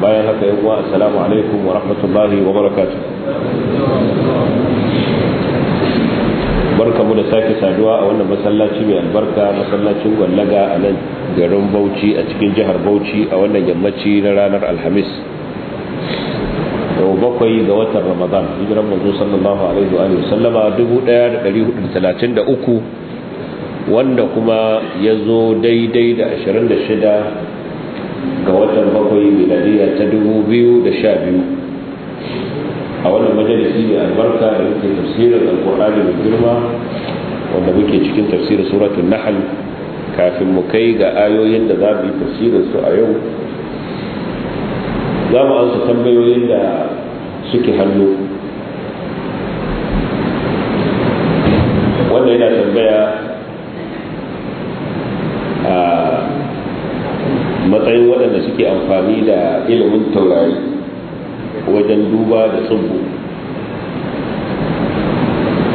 bayan haka yan uwa assalamu alaikum wa rahmatullahi wa barakatuh barkamu da sake saduwa a wannan masallaci mai albarka masallacin gwallaga a nan garin Bauchi a cikin jihar Bauchi a wannan yammaci na ranar Alhamis yau bakwai ga watan Ramadan hijiran manzo sallallahu alaihi wa sallama 1433 wanda kuma ya zo daidai da 26 ga watan bakwai miladiya ta dubu biyu da sha biyu a wannan majalisi da albarka da muke tafsirin alkur'ani mai girma wanda muke cikin tafsirin suratun nahal kafin mu kai ga ayoyin da za mu yi tafsirin su a yau za mu ansa tambayoyin da suke hannu suke amfani da ilimin taurari wajen duba da tsubu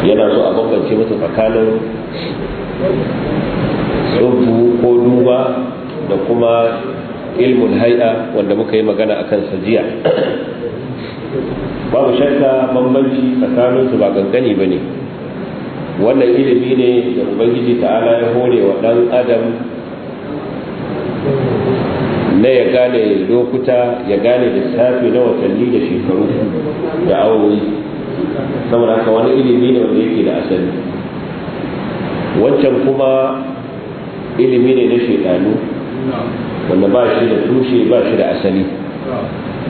yana so a bambance masa tsakanin tsubu ko duba da kuma ilmin haiɗa wanda muka yi magana a kansa jiya babu shakka bambanci tsakaninsu ba gangani ba ne wannan ilimi ne da ubangiji ta'ala ya hore wa ɗan adam na ya gane lokuta ya gane lissafi na watanni da shekaru da awowi saboda haka wani ilimi ne wanda yake da asali wancan kuma ilimi ne na shekaru wanda ba shi da tushe ba shi da asali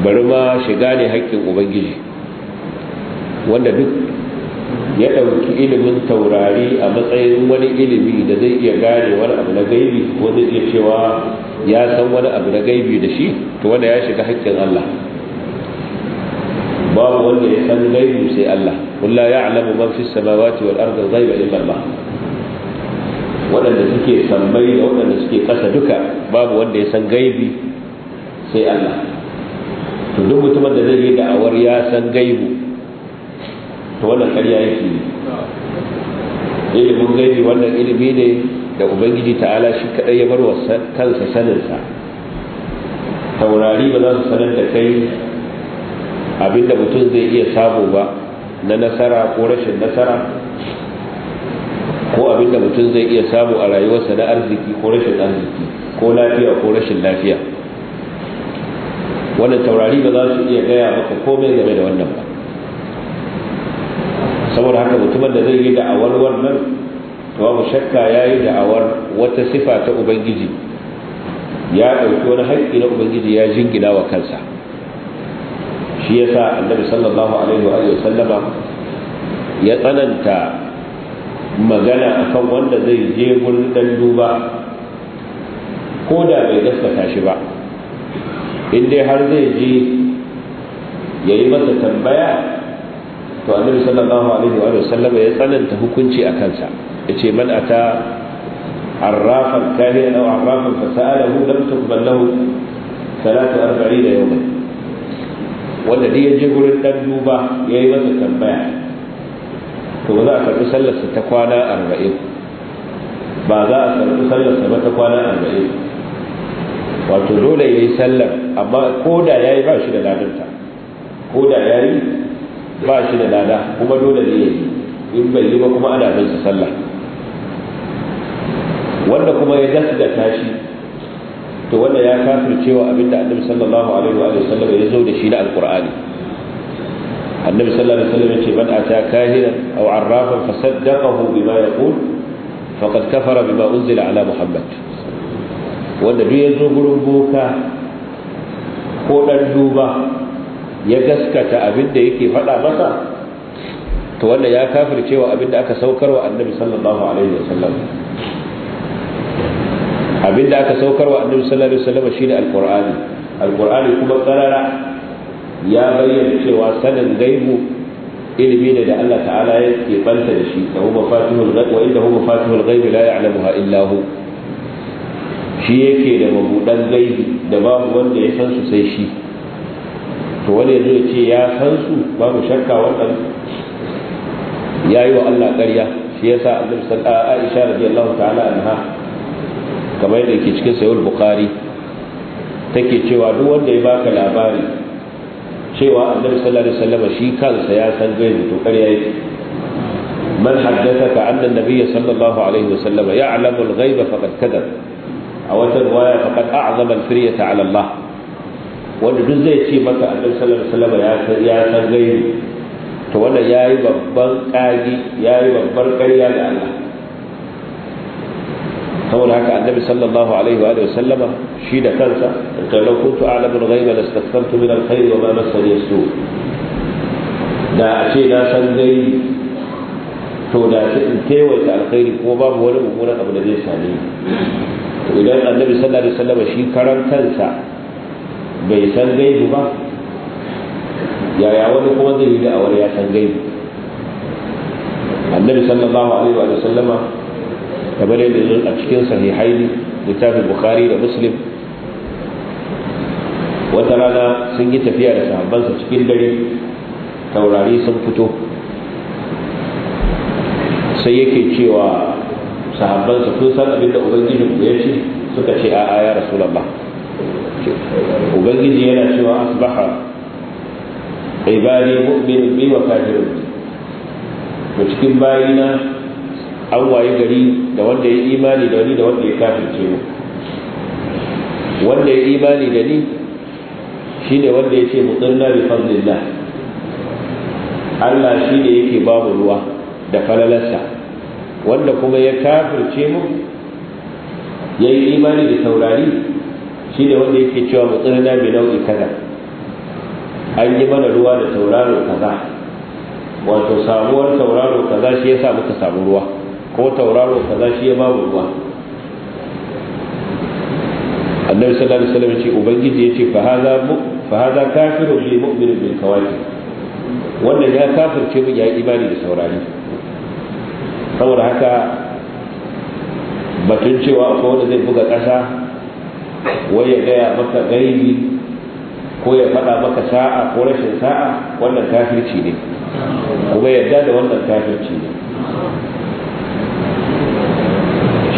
bari ma shiga ne haƙƙin ubangiji wanda duk ya ɗauki ilimin taurari a matsayin wani ilimi da zai iya gane wani abu na gaibi ko zai iya cewa ya san wani abu na gaibi da shi to wanda ya shiga haƙƙin Allah babu wanda ya san gaibi sai Allah ya ya'lamu man fis samawati wal ardi ghaiba illa Allah waɗanda suke sammai da waɗanda suke ƙasa duka babu wanda ya san gaibi sai Allah to duk mutumin da zai yi da'awar ya san gaibu Ta wannan ƙarya yake ilimin gaibi wannan ilimi ne da ubangiji ta Ala shi kaɗai ya bar wa kansa saninsa taurari ba za su sanar da kai abinda mutum zai iya sabo ba na nasara ko rashin nasara ko abinda mutum zai iya sabo a rayuwarsa na arziki ko rashin arziki ko lafiya ko rashin lafiya wannan taurari ba za su iya gaya maka komai game da wannan ba saboda haka mutumin da zai yi da'awar wannan babu shakka ya yi da'awar wata sifa ta ubangiji ya ɗauki wani haƙƙi na ubangiji ya jingina wa kansa shi ya sa annabi sallallahu alaihi wa sallama ya tsananta magana akan wanda zai je gurin dan duba ko da bai gaskata shi ba in dai har zai je ya yi masa tambaya to annabi sallallahu alaihi wa sallam ya tsananta hukunci a kansa yace man ata arrafan kahiran aw arrafan fasalahu lam tuqbal lahu salatu 40 yawma wanda dai yaje gurin dan duba yayi masa tambaya to za a karbi sallarsa ta kwana 40 ba za a karbi sallarsa ba ta kwana 40 wato dole yayi sallar amma koda yayi ba shi da ladanta koda yayi ba shi da lada kuma dole ne yi in bai yi ba kuma ana bin su sallah wanda kuma ya da tashi to wanda ya cewa abinda annabi sallallahu alaihi wa sallam ya zo da shi na alqur'ani annabi sallallahu alaihi wa sallam yace man ata kahiran aw arrafan fasaddaqahu bima yaqul faqad kafara bima unzila ala muhammad wanda duk ya zo gurin boka ko dan duba ya gaskata abin da yake faɗa masa to wanda ya kafircewa abin da aka wa annabi sallallahu alaihi wasallam abin da aka wa annabi sallallahu alaihi wasallam shine alqur'ani alqur'ani kuma karara ya bayyana cewa sanin gaibu ilimi ne da Allah ta'ala ya ke banta da shi da huwa fatihul ghaib wa indahu mafatihul ghaib la ya'lamuha illa hu shi yake da mabudan gaibi da babu wanda ya san su sai shi to wani yazo ya ce ya san su babu shakka wannan Ya yi wa Allah ƙarya shi yasa Annabi sallallahu alaihi Aisha radiyallahu ta'ala anha kamar yadda yake cikin sahih al-Bukhari take cewa duk wanda ya baka labari cewa Annabi sallallahu alaihi wasallam shi kansa ya san gaibi to ƙarya yake man haddathaka anna an-nabiy sallallahu alaihi wasallam ya'lamu al-ghaiba faqad kadhab a wata riwaya faqad a'zama al-firyata 'ala Allah wanda duk zai ce maka annabi sallallahu alaihi wasallam ya san ya san gaibi to wannan yayi babban kagi yayi babbar ƙarya ga Allah saboda haka annabi sallallahu alaihi wa sallama shi da kansa ta lau kuntu a'lamu al-ghaiba lastakthartu min al-khair wa ma massani as-su da a ce na san gaibi to da shi in kewaita alkhairi kuma babu wani mummunan abu da zai same ni to idan annabi sallallahu alaihi wasallam shi karan kansa bai san gaibu ba yaya wani kuma zai yi da'awar ya san gaibu annabi sallallahu alaihi wa sallama kamar yadda a cikin sahihaini littafin bukhari da muslim wata rana sun yi tafiya da sahabbansa cikin dare taurari sun fito sai yake cewa sahabbansa kun san abin da ya ce suka ce a'a ya rasu rasulallah ubangiji yana cewa asbaha ibadi mu'min bi wa kafir to cikin bayina an waye gari da wanda ya imani da wani da wanda ya ce mu wanda ya imani da ni shine wanda ya ce mutsirna bi fadlillah Allah shine yake ba mu ruwa da falalarsa wanda kuma ya kafirce mu ya yi imani da taurari shi ne wanda yake cewa na mai nau'i kaza an yi mana ruwa da tauraro kaza wato samuwar tauraro kaza shi ya sa muka samu ruwa ko tauraro kaza shi ya babu ruwa annabi sallallahu alaihi wasallam ce ubangiji yace fa mu fa hada kafiru bi mu'minin bil kawaki wannan ya kafirce mu ya imani da saurari saboda haka batun cewa akwai wanda zai buga ƙasa wai ya gaya maka gaibi ko ya faɗa maka sa'a ko rashin sa'a wannan kafirci ne kuma yadda da wannan kafirci ne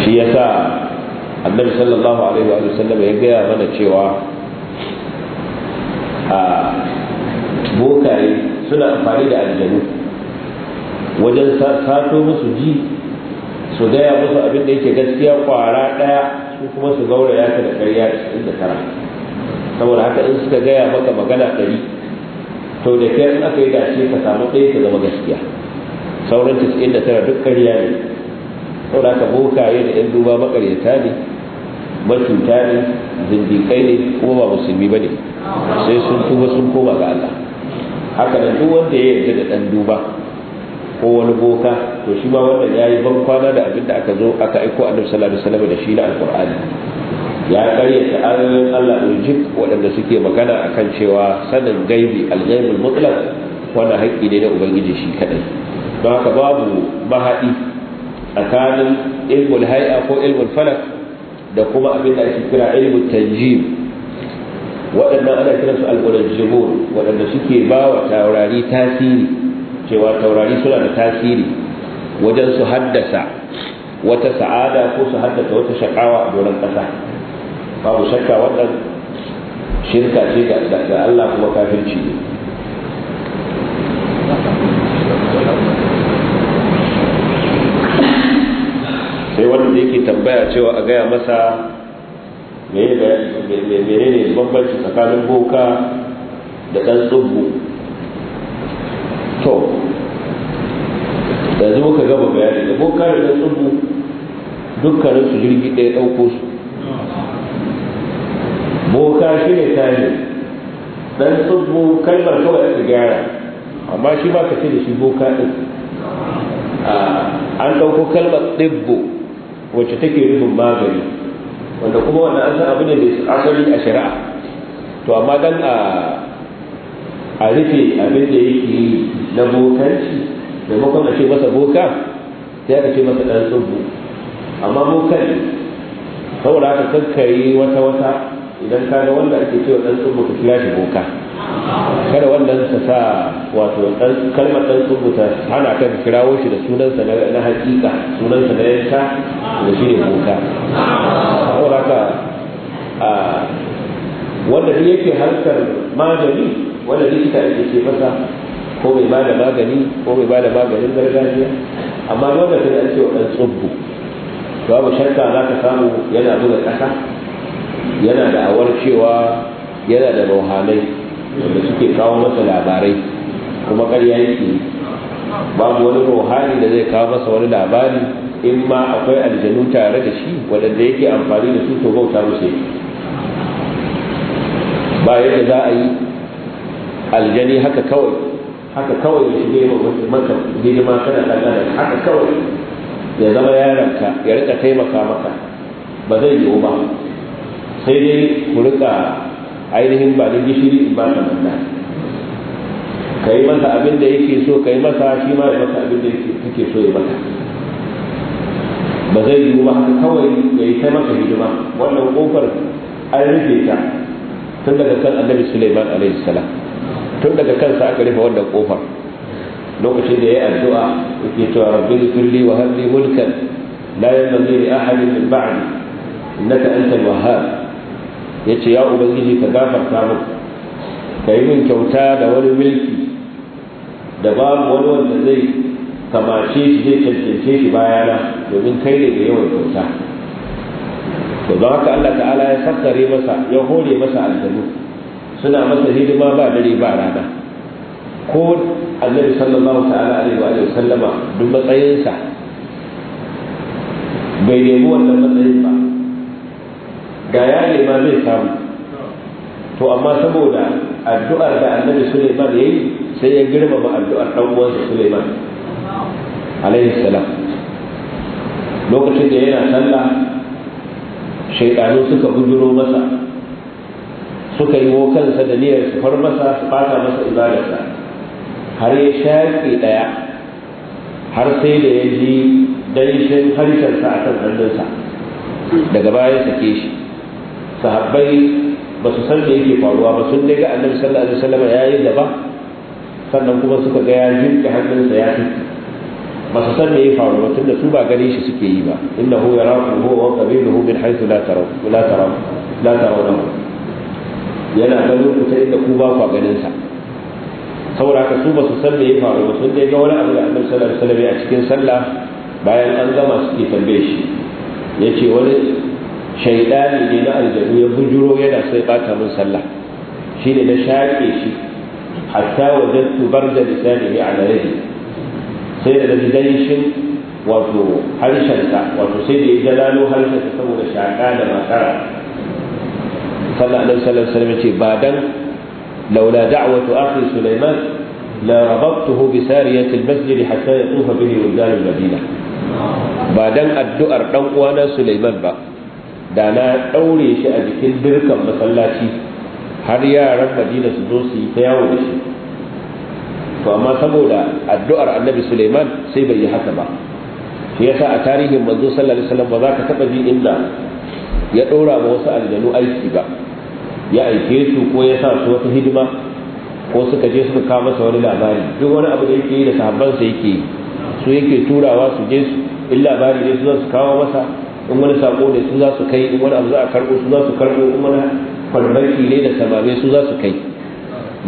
shi ya sa annabi sallallahu alaihi wa sallam ya gaya mana cewa a bokaye suna amfani da aljanu wajen sato musu ji su gaya musu abin da yake gaskiya kwara ɗaya ko kuma su ya ta da ƙarya tara saboda haka in suka gaya maka magana ɗari to da ke in aka yi dace ka samu ɗaya ta zama gaskiya sauran cikin tara duk ƙarya ne saboda haka bokaye da 'yan duba maƙaryata ne matuta ne zindikai ne kuma ba musulmi ba ne sai sun tuba sun koma ga Allah haka da duk wanda ya yarda da ɗan duba ko wani boka to shi ma wannan yayi ban kwana da abin da aka zo aka aiko annabi sallallahu alaihi wasallam da shi na alqur'ani ya karyata ayoyin Allah da jik waɗanda suke magana akan cewa sanin gaibi alghaibul mutlaq wannan haƙƙi ne na ubangiji shi kadai don haka babu mahadi tsakanin ilmul hay'a ko ilmul falak da kuma abin da ake kira ilmul tanjim waɗannan ana kiransu al-ulajjibun waɗanda suke ba wa taurari tasiri cewa taurari suna da tasiri wajen su haddasa wata sa'ada ko su haddasa wata shakawa a doron ƙasa babu shakka wannan shirka ce ga Allah kuma kafirci ne sai wanda yake tambaya cewa a gaya masa menene bambanci tsakanin boka da ɗan tsubbu to yanzu muka gaba bayani da bokar da tsubu dukkanin su jirgi ɗaya ɗauko su boka shi ne tani dan tsubu kalmar kawai aka gyara amma shi ba ka ce da shi boka ɗin an ɗauko kalmar ɗibbo wacce take nufin magani wanda kuma wannan an san abu ne da asali a shari'a to amma dan a rufe abin da yake na bokanci da makon a ce masa boka sai aka ce masa ɗan tsubu amma bokan saboda aka kankare wata wata idan ka ga wanda ake cewa ɗan tsubu ka kira shi boka kada wannan ka sa wato kalmar ɗan tsubu ta hana ka kirawo shi da sunansa na hakika sunansa na yanka da shi ne boka saboda haka wanda yake harkar magani wanda likita yake ce masa ko mai ba da magani ko ba da maganin gargajiya amma lokacin da ake wa ɗan tsubbu babu shakka za ka samu yana buga ƙasa yana da awar cewa yana da rauhanai wanda suke kawo masa labarai kuma ƙarya yake babu wani ruhani da zai kawo masa wani labari in ma akwai aljanu tare da shi waɗanda yake amfani da su to bauta musu ba yadda za a yi aljani haka kawai haka kawai ya shige maka hidima kana ɗaga haka kawai ya zama ka ya rika taimaka maka ba zai yiwu ba sai dai ku rika ainihin ba da gishiri in ba ka manna ka yi masa abin da yake so ka yi masa shi ma ya masa abin da yake so ya mata. ba zai yiwu ba haka kawai ya yi taimaka hidima wannan kofar an rufe ta tun daga kan annabi suleiman alaihi salam tun daga kansa aka rufe wannan kofar lokacin da ya yi addu'a yake cewa rabbi kulli wa habli mulkan la yanbaghi li ahadin min ba'di innaka antal wahhab yace ya ubangiji ka gafarta min ka yi min kyauta da wani mulki da babu wani wanda zai kamace shi zai cancance shi bayana domin kai ne da yawan kyauta to don haka Allah ta'ala ya sakkare masa ya hore masa aljanu suna masa hidima ba dare ba rana ko annabi sallallahu ta'ala alaihi wa sallama duk matsayinsa bai nemi wannan matsayin ba ga ya nema zai samu to amma saboda addu'ar da annabi suleiman ya yi sai ya girmama addu'ar ɗan uwansa suleiman alaihi salam lokacin da yana sallah shaidanu suka bujuro masa suka yi kansa da niyyar su far masa su bata masa ibadarsa har ya shaƙi ɗaya har sai da ya ji danshin harshensa a kan hannunsa daga baya sake shi sahabbai ba su san da yake faruwa ba sun daga annabi sallallahu alaihi wasallam ya yi gaba sannan kuma suka ga ya jinke hannunsa ya tuki ba su san me ya faru ba tunda su ba gani shi suke yi ba innahu yarakum huwa wa qabiluhu min haythu la taraw la taraw la tarawnahu yana ganin ku ta inda ku ba ku ganin sa saboda ka su ba su san me ya faru sun dai ga wani abu da annabi sallallahu alaihi wasallam a cikin sallah bayan an gama suke tambaye shi yace wani shaidani ne na aljanu ya bujuro yana sai bata min sallah shine na shaƙe shi hatta wajadtu barda lisanihi ala yadi sai da danshin wato harshen sa wato sai da ya jalalo harshen saboda shaƙa da makara sannan annabi sallallahu alaihi wasallam ce ba dan laula da'watu akhi sulaiman la rababtuhu bi sariyati al-masjid hatta yatufa bihi wuldan al ba dan addu'ar dan uwana sulaiman ba da na daure shi a jikin birkan masallaci har yaran madina su zo su yi ta yawo da shi to amma saboda addu'ar annabi Sulaiman sai bai yi haka ba shi yasa a tarihin manzo sallallahu alaihi wasallam ba za ka taba ji inda ya ɗora ma wasu aljanu aiki ba ya aike su ko ya sa su wata hidima ko suka je suka kawo masa wani labari duk wani abu da yake yi da sa yake yi su yake turawa su je su in labari ne su za su kawo masa in wani sako ne su za su kai in wani abu za a karbo su za su karbo in wani farmaki ne da samame su za su kai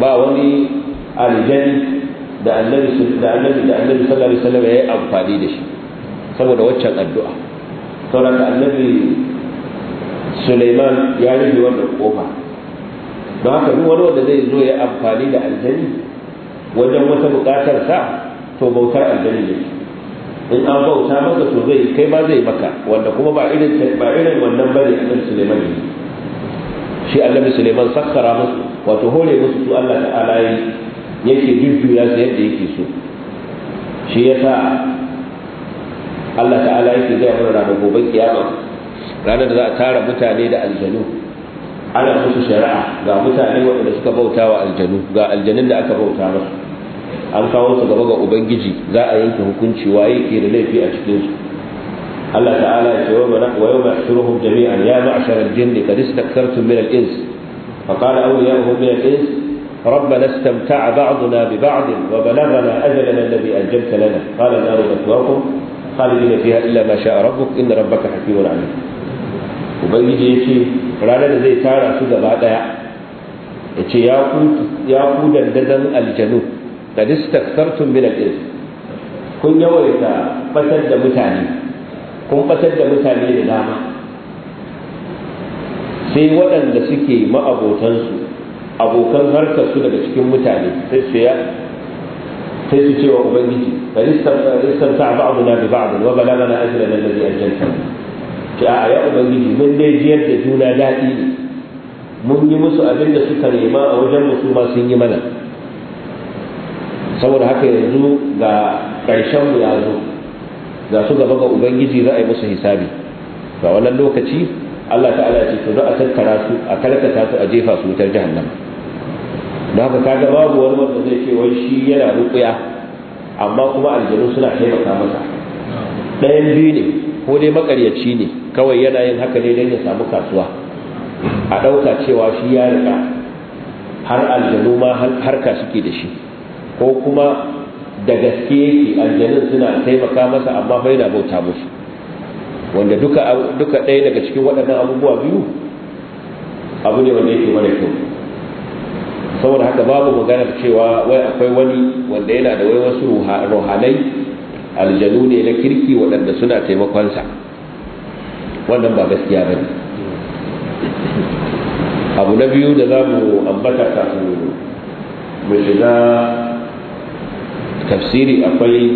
ba wani aljani da annabi da annabi da annabi sallallahu alaihi wasallam yayi amfani da shi saboda waccan addu'a saboda annabi Sulaiman ya rufe wannan kofa don haka duk wani wanda zai zo ya amfani da aljani wajen wata buƙatar sa to bautar aljani ne in an bauta maka to zai kai ma zai maka wanda kuma ba irin ba irin wannan bane annabi Sulaiman ne shi annabi Sulaiman sakkara musu wato hore musu su Allah ta'ala yake jujjuya su yadda yake so shi yasa Allah ta'ala yake zai mana da gobe kiyama ranar da za a tara mutane da aljanu ana musu shari'a ga mutane waɗanda suka bauta wa aljanu ga aljanun da aka bauta masu an kawo su gaba ga ubangiji za a yanke hukunci waye ke da laifi a cikin su Allah ta'ala ya ce wa yawma yahshuruhum jami'an ya ma'shar al-jinni qad istakthartum min al-ins fa qala awliya'uhum min al-ins ربنا استمتع بعضنا ببعض وبلغنا أجلنا الذي أجلت لنا قال النار مثواكم خالدين فيها إلا ما شاء ربك إن ربك حكيم عليم ubangiji ya ce ranar da zai tara su gaba daya ya ce ya ku dandadan aljanu da distaksartun min al-ins kun yawaita fatar da mutane kun fatar da mutane da dama sai waɗanda suke ma'abotansu abokan harkarsu daga cikin mutane sai su ya sai su ce wa ubangiji bari istamta ba'duna bi ba'd wa balagana ajrana alladhi ajjalta ce a ya ubangiji mun dai jiyar da juna daɗi ne mun yi musu abin da suka nema a wajen musu ma sun yi mana saboda haka yanzu ga ƙarshen mu ya zo ga su gaba ga ubangiji za a yi musu hisabi ga wannan lokaci Allah ta'ala ce to za a tattara su a karkata su a jefa su wutar jahannama don haka kaga babu wani wanda zai ce wai shi yana rukuya amma kuma aljanu suna taimaka masa ɗayan biyu ne ko dai makaryaci ne kawai yana yin haka ne don ya samu kasuwa a ɗauka cewa shi ya riga har aljanu ma harka suke da shi ko kuma da gaske yake aljanun suna taimaka masa amma bai na bauta musu wanda duka ɗaya daga cikin waɗannan abubuwa biyu abu ne wanda yake mara kyau saboda haka babu maganar cewa wai akwai wani wanda yana da wai wasu ruhanai aljanu ne na kirki waɗanda suna taimakonsa wannan ba gaskiya ba ne abu na biyu da za mu ambata kafin mu shiga tafsiri akwai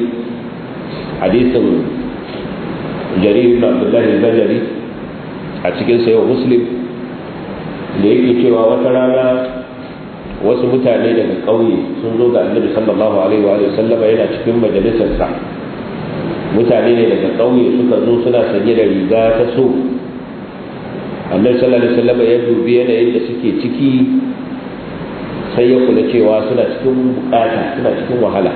hadisan jaririn na abdullahi bajari a cikin sayo muslim da yake cewa wata rana wasu mutane daga ƙauye sun zo ga annabi sallallahu alaihi wa sallama yana cikin majalisarsa mutane ne daga ƙauye suka zo suna sanye da riga ta so annabi sallallahu alaihi ya dubi yanayin da suke ciki sai ya kula cewa suna cikin bukata suna cikin wahala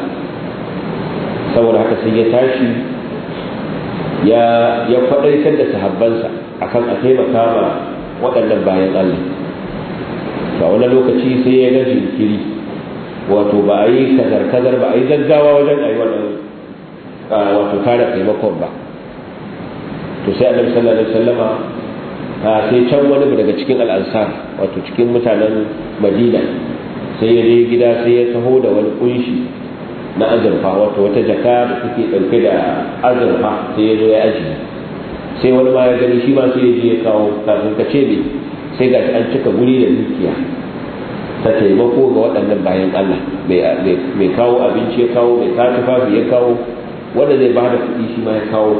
saboda haka sai ya tashi ya ya da sahabbansa akan a taimaka ma waɗannan bayan Allah ba wani lokaci sai ya ga jinkiri wato ba a yi kazar-kazar ba a yi gaggawa wajen a yi wannan wato kare taimakon ba to sai annabi sallallahu alaihi wasallama sai can wani daga cikin al'ansar wato cikin mutanen madina sai ya je gida sai ya taho da wani kunshi na azurfa wato wata jaka da take ɗauke da azurfa sai ya zo ya ajiye sai wani ma ya gani shi ma sai ya je ya kawo kafin ka ce ne sai ga an cika guri da dukiya ta taimako ga waɗannan bayan Allah mai kawo abinci ya kawo mai tafi ya kawo wanda zai da kuɗi shi ma ya kawo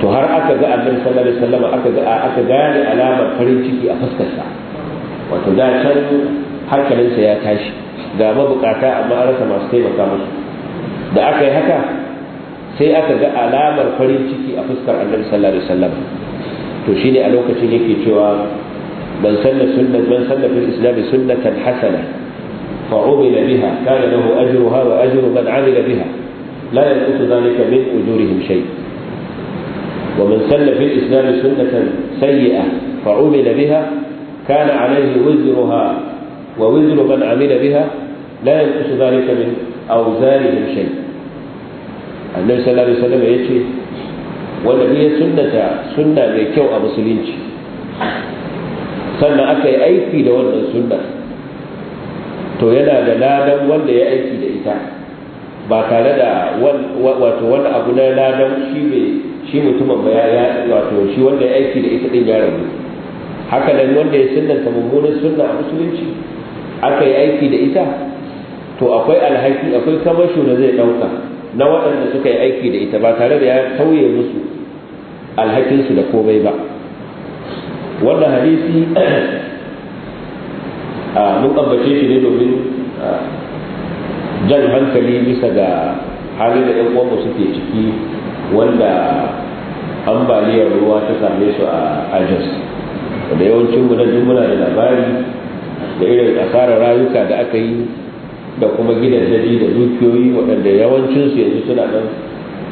to har aka ga annabi sallallahu alaihi wasallam aka ga aka gane alamar farin ciki a fuskarsa wato da can hankalinsa ya tashi ga mabukata amma an rasa masu taimaka musu da aka yi haka sai aka ga alamar farin ciki a fuskar annabi sallallahu alaihi wasallam to shine a lokacin yake cewa ban sanna sunnat man sanna fil islam sunnatan hasana fa umila biha kana lahu ajruha wa ajru man amila biha لا ينقص ذلك من أجورهم شيء ومن سل في الإسلام سنة سيئة فعمل بها كان عليه وزرها ووزر من عمل بها لا ينقص ذلك من أوزارهم شيء النبي صلى الله عليه وسلم يجي والنبي سنة سنة لكيو أبو سلينج سنة أكي أيكي لولا السنة تو يلا للادا ولا يأيكي لإتاعه ba tare da wato wani abu na ladan shi ne shi mutumin ba ya wato shi wanda ya aiki da ita din ya rabu haka nan wanda ya sunnanta mummunan sunna a musulunci aka yi aiki da ita to akwai alhaki akwai kamasho da zai dauka na waɗanda suka yi aiki da ita ba tare da ya sauye musu alhakinsu da komai ba wannan hadisi mun ambace shi ne domin jan hankali bisa ga halin da 'yan uwanmu suke ciki wanda ambaliyar ruwa ta same su a jos da yawancin mu na da labari da irin asarar rayuka da aka yi da kuma gidan gidajeji da dukiyoyi waɗanda yawancinsu yanzu suna nan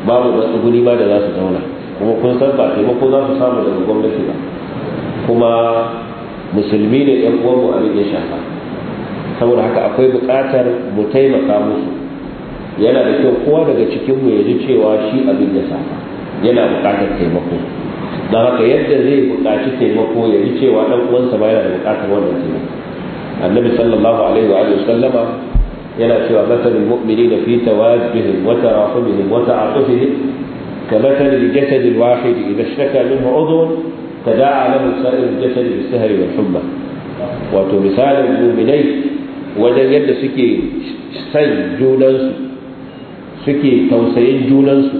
babu wasu guri ma da za su zauna kuma kun san ba taimako za su samu daga gwamnati ba kuma musulmi ne ɗan uwanmu a saboda haka akwai buƙatar mu taimaka musu yana da kyau kowa daga cikin mu ya ji cewa shi abin ya saka yana buƙatar taimako don haka yadda zai buƙaci taimako ya ji cewa ɗan uwansa ba yana da buƙatar wannan taimako annabi sallallahu alaihi wa sallama yana cewa masalin mu'mini da fi tawajjuhum wa tarahumihim wa ta'atufihim كمثل الجسد الواحد إذا اشتكى منه عضو تداعى له سائر الجسد بالسهر والحمى wato misalin muminai wajen yadda suke san junansu suke tausayin junansu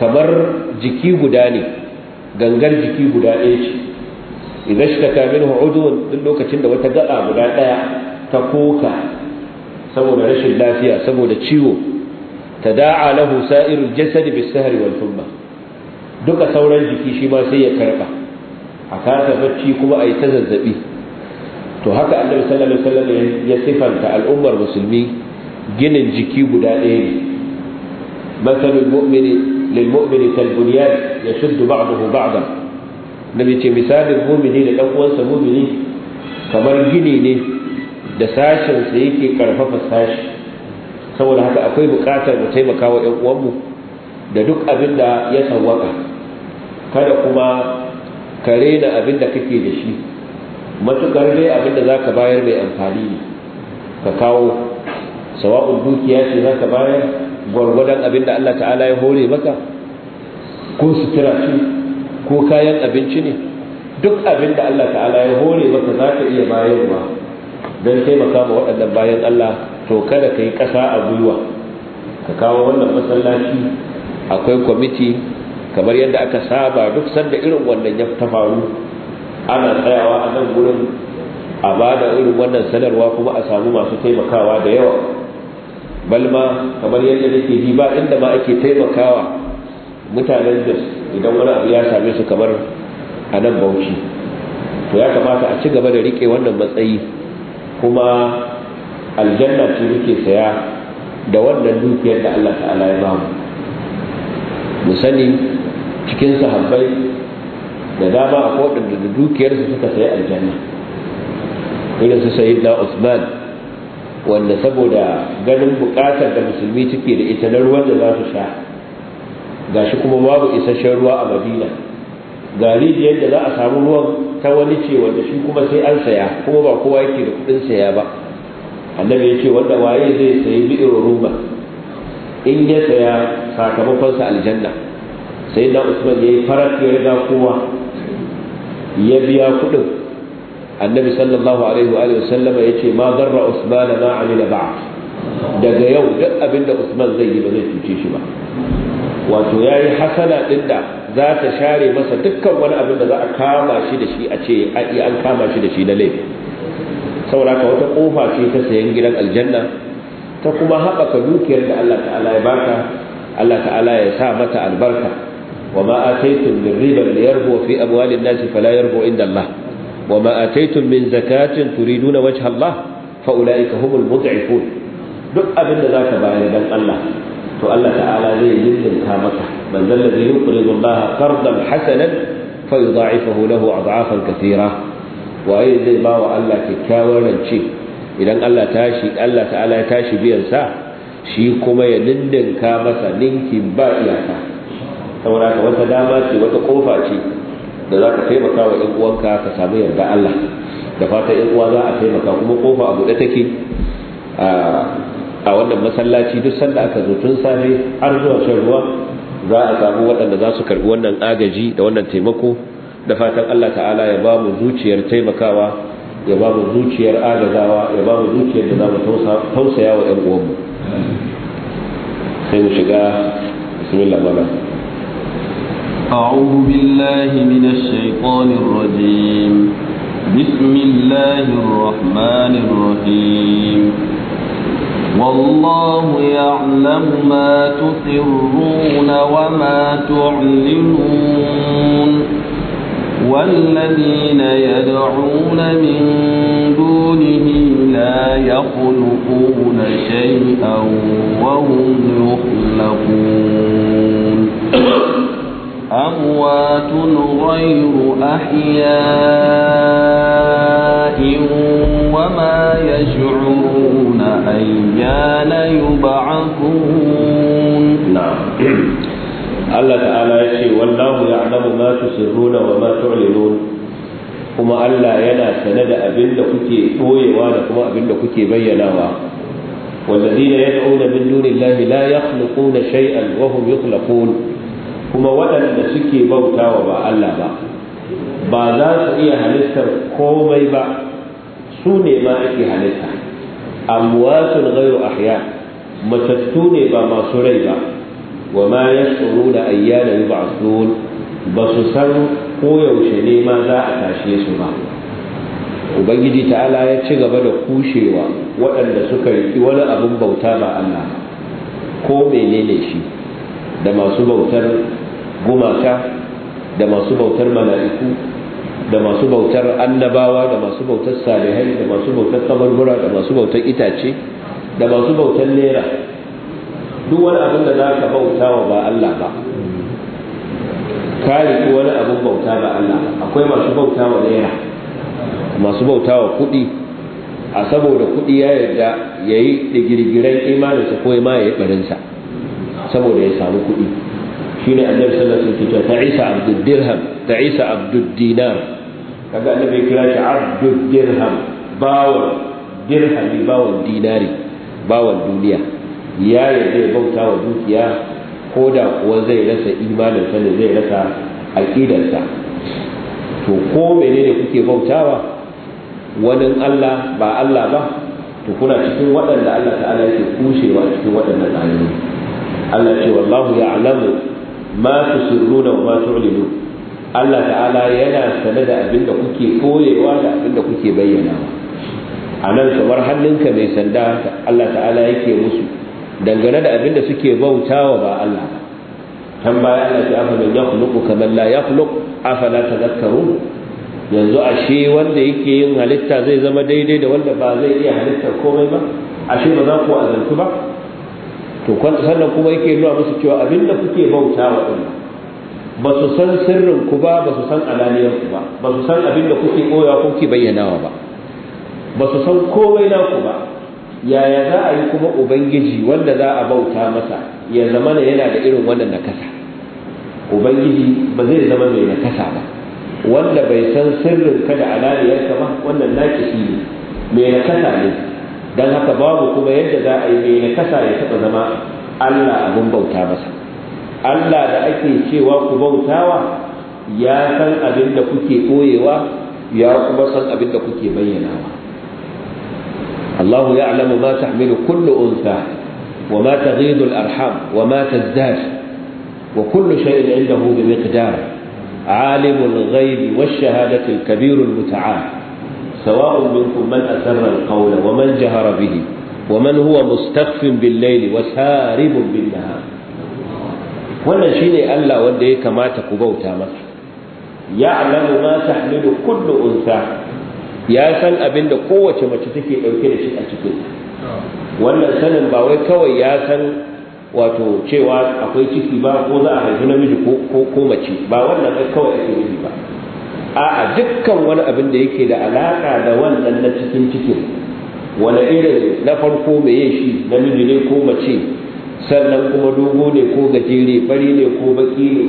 kamar jiki guda ne gangar jiki guda ɗaya ce idan shi ta kamin hu'uduwan duk lokacin da wata gaɗa guda ɗaya ta koka saboda rashin lafiya saboda ciwo ta da'a lahu sa'irul jasad bis sahri wal duka sauran jiki shi ma sai ya karba a kasa bacci kuma a yi ta zazzabi to haka annabi ya sifanta al'ummar musulmi ginin jiki guda ɗaya ne masalul mu'mini lil mu'mini kal bunyan yashuddu ba'dahu ba'dan nabi ce misalin mu'mini da dan uwansa kamar gini ne da sashen sa yake karfafa sashi saboda haka akwai buƙatar mu taimaka wa uwanmu da duk abin da ya sawwaka kada kuma ka rena abin da kake da shi matukar dai abinda za ka bayar mai amfani ne ka kawo sawa'un dukiya ce za ka bayar gwargwadon abinda Allah ta'ala ya hore maka ko sutura ce ko kayan abinci ne duk abinda Allah ta'ala ya hore maka za iya bayarwa don taimaka ma waɗannan bayan Allah to kada ka yi ƙasa a gwiwa ka kawo wannan masallaci akwai kwamiti kamar yadda aka saba duk sanda irin wannan ya ta faru ana tsayawa a nan gurin a ba da irin wannan sanarwa kuma a samu masu taimakawa da yawa balma kamar yadda nake ji ba inda ma ake taimakawa mutanen da idan wani abu ya same su kamar a nan bauchi to ya kamata a ci gaba da rike wannan matsayi kuma aljanna ce muke saya da wannan dukiyar da Allah ta'ala ya bamu mu sani cikin sahabbai da dama a kodin da dukiyarsu suka sayi aljanna irin su sai da usman wanda saboda ganin bukatar da musulmi take da ita na ruwan da za su sha gashi kuma babu isasshen ruwa a madina gari da da za a samu ruwan ta wani ce wanda shi kuma sai an saya kuma ba kowa yake da kuɗin saya ba annabi ya ce wanda waye zai sayi bi'ir ruba in ya saya sakamakonsa aljanna sai na usman yayi yi ya kowa ya biya kudin annabi sallallahu alaihi wa sallama ya ce ma zarra usman ma amila ba daga yau duk abinda usman zai yi ba zai cuce shi ba wato ya yi hasana ɗin da za ta share masa dukkan wani abin da za a kama shi da shi a ce an kama shi da shi na laifi Saura ka wata kofa ce ta sayan gidan aljanna ta kuma haɓaka dukiyar da Allah ta'ala ya baka Allah ta'ala ya sa mata albarka وما آتيتم من ربا ليربو في أموال الناس فلا يربو عند الله وما آتيتم من زكاة تريدون وجه الله فأولئك هم المضعفون duk abin da zaka bayar dan Allah to Allah ta'ala zai yinninka maka man zal ladhi yuqridu Allah qardan hasanan fa yudha'ifahu lahu ad'afan katira wa ai zai ba wa Allah kyakkyawar rance idan Allah tashi Allah ta'ala ya tashi biyan sa shi kuma ya ka masa ninkin ba iyaka saboda ka wata dama ce wata kofa ce da za ka taimaka wa yan uwanka ka samu yarda Allah da fata yan uwa za a taimaka kuma kofa a buɗe take a wannan masallaci duk sanda aka zo tun safe har zuwa shan ruwa za a samu waɗanda za su karbi wannan agaji da wannan taimako da fatan Allah ta'ala ya ba mu zuciyar taimakawa ya ba mu zuciyar agazawa ya ba mu zuciyar da za mu tausaya wa 'yan uwanmu sai mu shiga bismillah أعوذ بالله من الشيطان الرجيم بسم الله الرحمن الرحيم والله يعلم ما تسرون وما تعلنون والذين يدعون من دونه لا يخلقون شيئا وهم يخلقون أموات غير أحياء وما يشعرون أيان يبعثون نعم الله تعالى يشي والله يعلم ما تسرون وما تعلنون وما الله ينا سند أبن لكتي قوي وانا كما أبن لكتي بيناها والذين يدعون من دون الله لا يخلقون شيئا وهم يخلقون kuma waɗanda suke bautawa ba Allah ba ba za su iya halittar komai ba su ne ma ake halitta amwatun ghayru ahya matattu ne ba masu rai ba wa ma da ayyana yub'athun ba su san koyaushe ne ma za a tashe su ba ubangiji ta'ala ya ci gaba da kushewa waɗanda suka riki wani abin bauta ba Allah ko menene shi da masu bautar gumaka da masu bautar mala'iku da masu bautar annabawa da masu bautar salihai da masu bautar kaburbura da masu bautar itace da masu bautar lera duk wani abin da zaka bauta wa ba Allah ba kare ko wani abin bauta ba Allah akwai masu bauta wa lera masu bauta wa kuɗi a saboda kuɗi ya yarda ya yi digirgiren imaninsa ko ma ya yi barinsa saboda ya samu kuɗi shine annabi sallallahu alaihi wasallam ta isa abdud dirham ta isa abdud dinar kaga annabi kira shi abdud dirham bawon dirhami dinari bawon duniya ya yarda ya bauta wa dukiya ko da kuwa zai rasa imanin sa zai rasa aqidarsa to ko menene kuke bautawa wani Allah ba Allah ba to kuna cikin waɗanda Allah ta'ala yake kushewa cikin waɗannan ayoyi Allah ce wallahu ya'lamu ma tusirruna wa ma tu'linu Allah ta'ala yana sane da abin da kuke koyewa da abin da kuke bayyanawa a nan kamar hannunka mai sanda Allah ta'ala yake musu dangane da abin da suke bautawa ba Allah kan baya Allah ta afa man yakhluqu kaman la yakhluq afala tadhakkarun yanzu ashe wanda yake yin halitta zai zama daidai da wanda ba zai iya halittar komai ba ashe ba za ku azantu ba to kwanta sannan kuma yake nuna musu cewa abinda kuke bauta wa ɗin ba su san sirrin ku ba ba su san alaniyar ku ba ba su san abinda kuke koya ko kuke bayyanawa ba ba su san komai na ku ba yaya za a yi kuma ubangiji wanda za a bauta masa ya zama yana da irin wannan nakasa ubangiji ba zai zama mai nakasa ba wanda bai san sirrin ka da ka ba wannan nakisi ne mai nakasa ne don haka babu kuma yadda za a yi mai na kasa ya taɓa zama Allah abin bauta masa Allah da ake cewa ku bautawa ya san abin da kuke ɓoyewa ya kuma san abin da kuke bayyanawa Allah ya alamu ma tahmilu kullu unsa wa ma taghidu al-arham wa ma tazdad wa kullu shay'in indahu bi miqdar alimul عالم الغيب والشهادة الكبير المتعال سواء منكم من أسر القول ومن جهر به ومن هو مستخف بالليل وسارب بالنهار wannan shine Allah wanda ya kamata ku bauta masa ya'lamu ma tahmilu kullu unsa ya san abin da kowace mace take ɗauke da shi a cikin wannan sanin ba wai kawai ya san wato cewa akwai ciki ba ko za a haifi namiji ko mace ba wannan kawai ake nufi ba a'a dukkan wani abin da yake da alaka da wannan na cikin cikin wani irin na farko yin shi namiji ne ko mace sannan kuma dogo ne ko gajere bari ne ko baki ne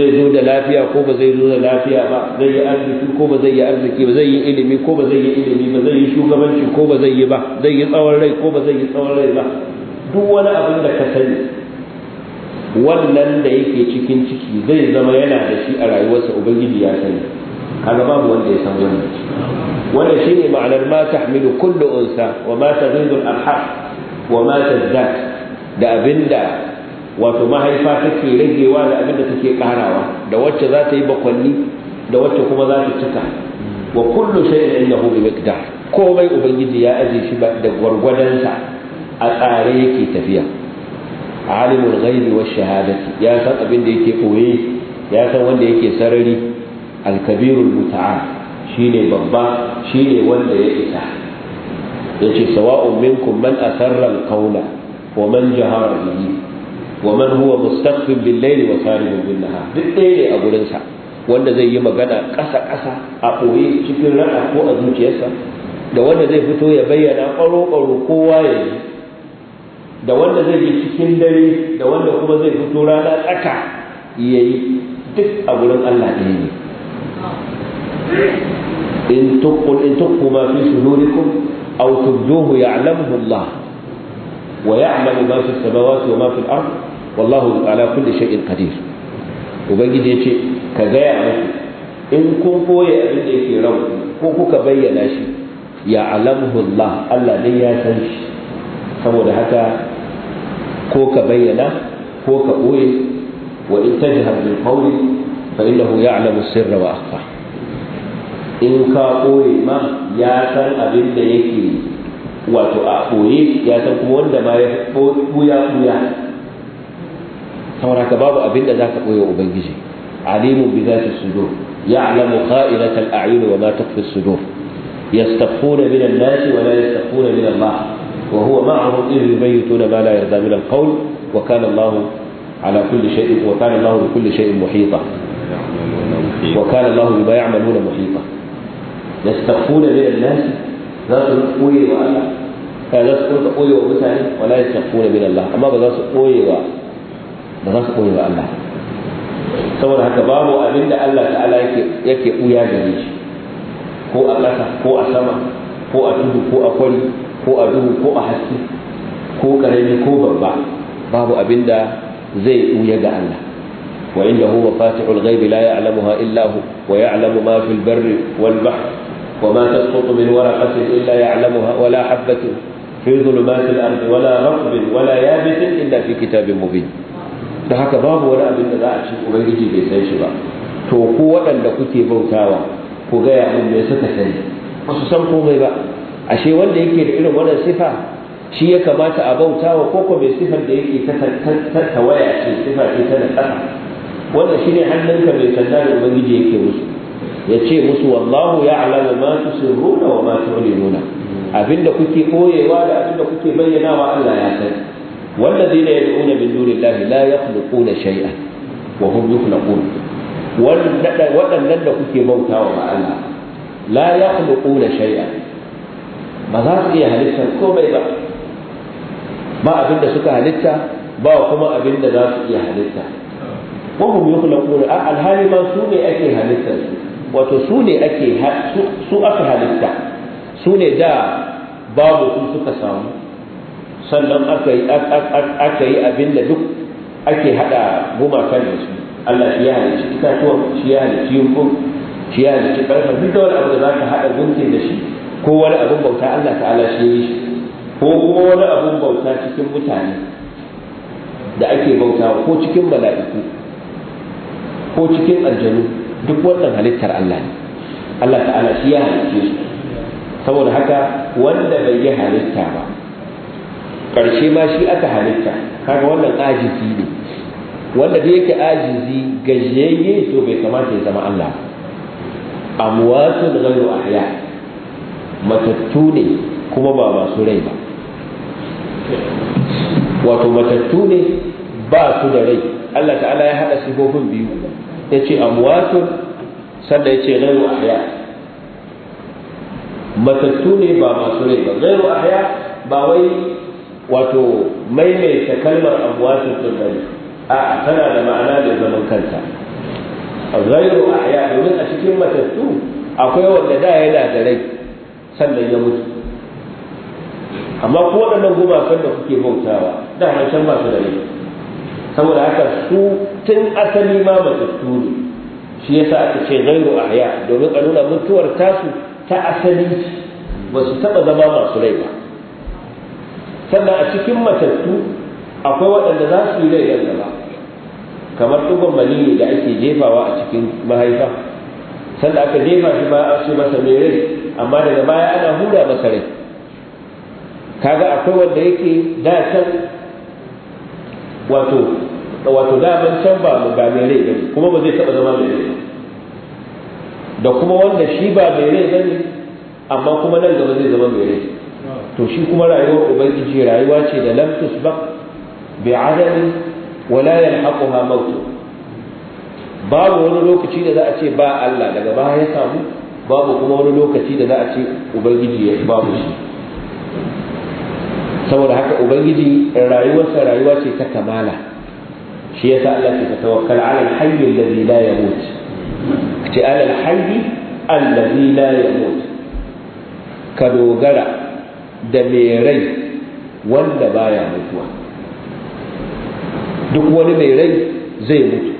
zai zo da lafiya ko ba zai zo da lafiya ba zai yi arziki ko ba zai yi arziki ba zai yi ilimi ko ba zai yi ilimi ba zai yi shugabanci ko ba zai yi ba zai yi tsawon rai ko ba zai yi tsawon rai ba duk wani abin da ka sani wannan da yake cikin ciki zai zama yana da shi a rayuwarsa ubangiji ya sani kaga babu wanda ya san wannan wannan shine ma'anar ma tahmilu kullu unsa wa ma tazidu al-arham wa ma zat, da abinda wato mahaifa take ragewa da abinda take karawa da wacce za ta yi bakwanni da wacce kuma za ta cika wa kullu shay'in innahu bi miqdar komai ubangiji ya aje shi da gwargwadonsa a tsare yake tafiya alimul ghaibi wa shahadati ya san abin da yake koye ya san wanda yake sarari alkabirul muta'al shine babba shine wanda ya isa yace sawa'un minkum man asarra alqawla wa man jahara bihi wa man huwa mustaqbil bil-layli wa sarihu bin-nahar duk ɗaya ne a gurin sa wanda zai yi magana ƙasa-ƙasa a ɓoye cikin ra'a ko a zuciyarsa da wanda zai fito ya bayyana ƙoro ƙoro kowa ya yi da wanda zai je cikin dare da wanda kuma zai fito rana tsaka ya yi duk a gurin Allah ɗaya ne in tuqqul in tuqqu ma fi sudurikum aw tubduhu ya'lamuhu Allah wa ya'lamu ma fi samawati wa ma fi al-ard wallahu ala kulli shay'in qadir ubangiji yace ka gaya musu in kun koya abin da yake ranku ko kuka bayyana shi ya'lamuhu Allah Allah ne ya san shi saboda haka ko ka bayyana ko ka ɓoye wa in tajhar bil qawli fa innahu ya'lamu sirra wa akhfa in ka ɓoye ma ya san abin da yake wato a ɓoye ya san kuma wanda ma ya ɓuya ɓuya saboda ka babu abin da zaka ɓoye ubangiji alimun bi zati sudur ya'lamu kha'inata al-a'yun wa ma tukhfi as-sudur yastakhfuna min an-nasi wa la yastakhfuna min Allah وهو معهم إذ يبيتون ما لا يرضى من القول وكان الله على كل شيء وكان الله بكل شيء محيطا وكان الله بما يعملون محيطا يستخفون من الناس ذات قوي وألا كان تكون قوي ومتعن ولا يستخفون من الله أما بذات قوي و ذات قوي وألا سوى haka باب وأمن ألا تعالى يكي yake ɓuya gare shi ko a ƙasa ko a sama ko a duhu ko a haske ko karami ko babba babu abinda zai uya ga Allah wa inda huwa fatihul ghaibi la ya'lamuha illa hu wa ya'lamu ma fil barri wal bahr wa ma tasqutu min waraqatin illa ya'lamuha wa la habatin fi dhulumatil ardi wa la rabbin wa la yabitin illa fi kitabin mubin da haka babu wani abin da za a ce ubangiji bai san shi ba to ku waɗanda kuke bautawa ku gaya mun me suka sani ba su san komai ba ashe wanda yake da irin wannan sifa shi ya kamata a bautawa ko ko mai sifar da yake ta tawaya ce sifa ce ta nakasa wannan shine hannunka mai sanda da ubangiji yake musu ya ce musu wallahu alama ma tusirruna wa ma tu'linuna abinda kuke koyewa da abinda kuke bayyanawa Allah ya ya sani والذين يدعون من دون الله لا يخلقون شيئا وهم يخلقون waɗannan da kuke bautawa ba Allah la yakhluquna shay'an ba za su iya halittar komai ba ba abin da suka halitta ba kuma abin da za su iya halitta Ko wahum yukhlaquna a alhali ma su ne ake halittar su wato su ne ake su aka halitta su ne da babu su suka samu sannan aka yi abin da duk ake hada gumakan da su Allah shi ya halicci itatuwan shi ya halicci yunkun shi ya halicci karfin duk da wani abu da za ka hada gunkin da shi ko wani abin bauta Allah ta'ala shi yi shi ko kuma wani abin bauta cikin mutane da ake bauta ko cikin mala'iku ko cikin aljanu duk wannan halittar Allah ne Allah ta'ala shi ya halicce su saboda haka wanda bai yi halitta ba ƙarshe ma shi aka halitta kaga wannan ajizi ne wanda da yake ajizi gajiyayye to bai kamata ya zama Allah amwatun ghayru ahya matattu ne kuma ba masu rai ba wato matattu ne ba su da rai Allah ta'ala ya haɗa sifofin biyu ya ce amwatun sanda ya ce gairu ahya matattu ne ba masu rai ba gairu ahya ba wai wato maimaita kalmar amwatun sun rai a tana da ma'ana da zaman kanta gairu ahya domin a cikin matattu akwai wanda da yana da rai sannan ya mutu amma ko waɗannan gumakan da kuke bautawa da can ba su da rai saboda haka su tun asali ma matattu ne shi yasa aka ce gairu ahya domin a nuna mutuwar tasu ta asali ba su taɓa zama masu rai ba sannan a cikin matattu akwai waɗanda za su yi rai nan ba kamar ɗugon maniyyi da ake jefawa a cikin mahaifa sanda aka jefa shi ba a ce masa mere. amma daga baya ana hura masa rai kaga akwai wanda yake da can wato wato daman can ba ba mai rai bane kuma ba zai taba zama mai rai da kuma wanda shi ba mere rai bane amma kuma nan gaba zai zama mere. to shi kuma rayuwar ubangiji rayuwa ce da lam tusbaq bi adami wala yalhaquha mautu babu wani lokaci da za a ce ba Allah daga baya ya samu babu kuma wani lokaci da za a ce ubangiji ya babu shi saboda haka ubangiji rayuwarsa rayuwa ce ta kamala shi yasa Allah ke tawakkal ala al-hayy alladhi la yamut ce ala al-hayy la yamut ka dogara da mai rai wanda baya mutuwa duk wani mai rai zai mutu